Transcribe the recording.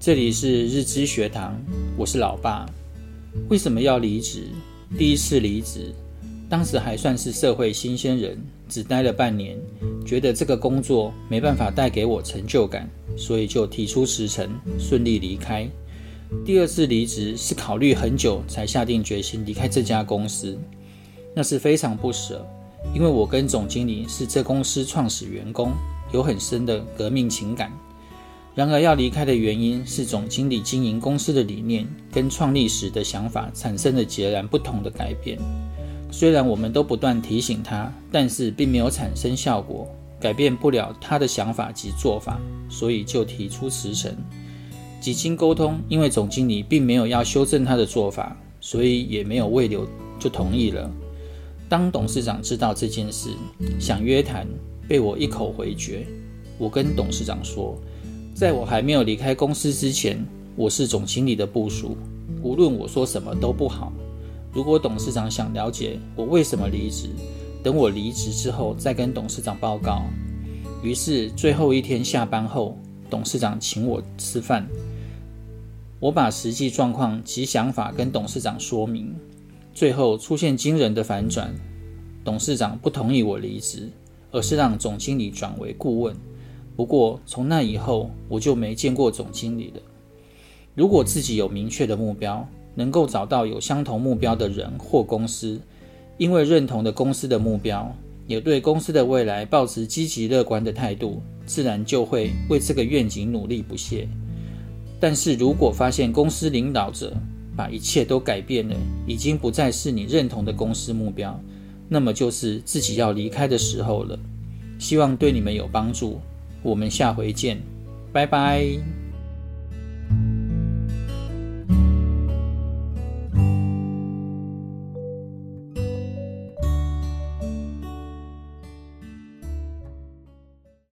這裡是日資學堂，我是老爸。為什麼要離職？第一次離職，當時還算是社會新鮮人，只待了半年，覺得這個工作沒辦法帶給我成就感，所以就提出辭呈，順利離開。第二次離職是考慮很久才下定決心離開這家公司，那是非常不捨，因為我跟總經理是這公司創始員工，有很深的革命情感。然而，要離開的原因是總經理經營公司的理念跟創立時的想法產生了截然不同的改變。雖然我們都不斷提醒他，但是並沒有產生效果，改變不了他的想法及做法，所以就提出辭呈。幾經溝通，因為總經理並沒有要修正他的做法，所以也沒有挽留，就同意了。當董事長知道這件事，想約談，被我一口回絕。我跟董事長說。在我還沒有離開公司之前，我是總經理的部屬，無論我說什麼都不好。如果董事長想了解我為什麼離職，等我離職之後再跟董事長報告。於是最後一天下班後，董事長請我吃飯，我把實際狀況及想法跟董事長說明。最後出現驚人的反轉，董事長不同意我離職，而是讓總經理轉為顧問。不過，從那以後我就沒見過總經理了。如果自己有明確的目標，能夠找到有相同目標的人或公司，因為認同了公司的目標，也對公司的未來抱持積極樂觀的態度，自然就會為這個願景努力不懈。但是如果發現公司領導者把一切都改變了，已經不再是你認同的公司目標，那麼就是自己要離開的時候了。希望對你們有幫助。我們下回見，拜拜。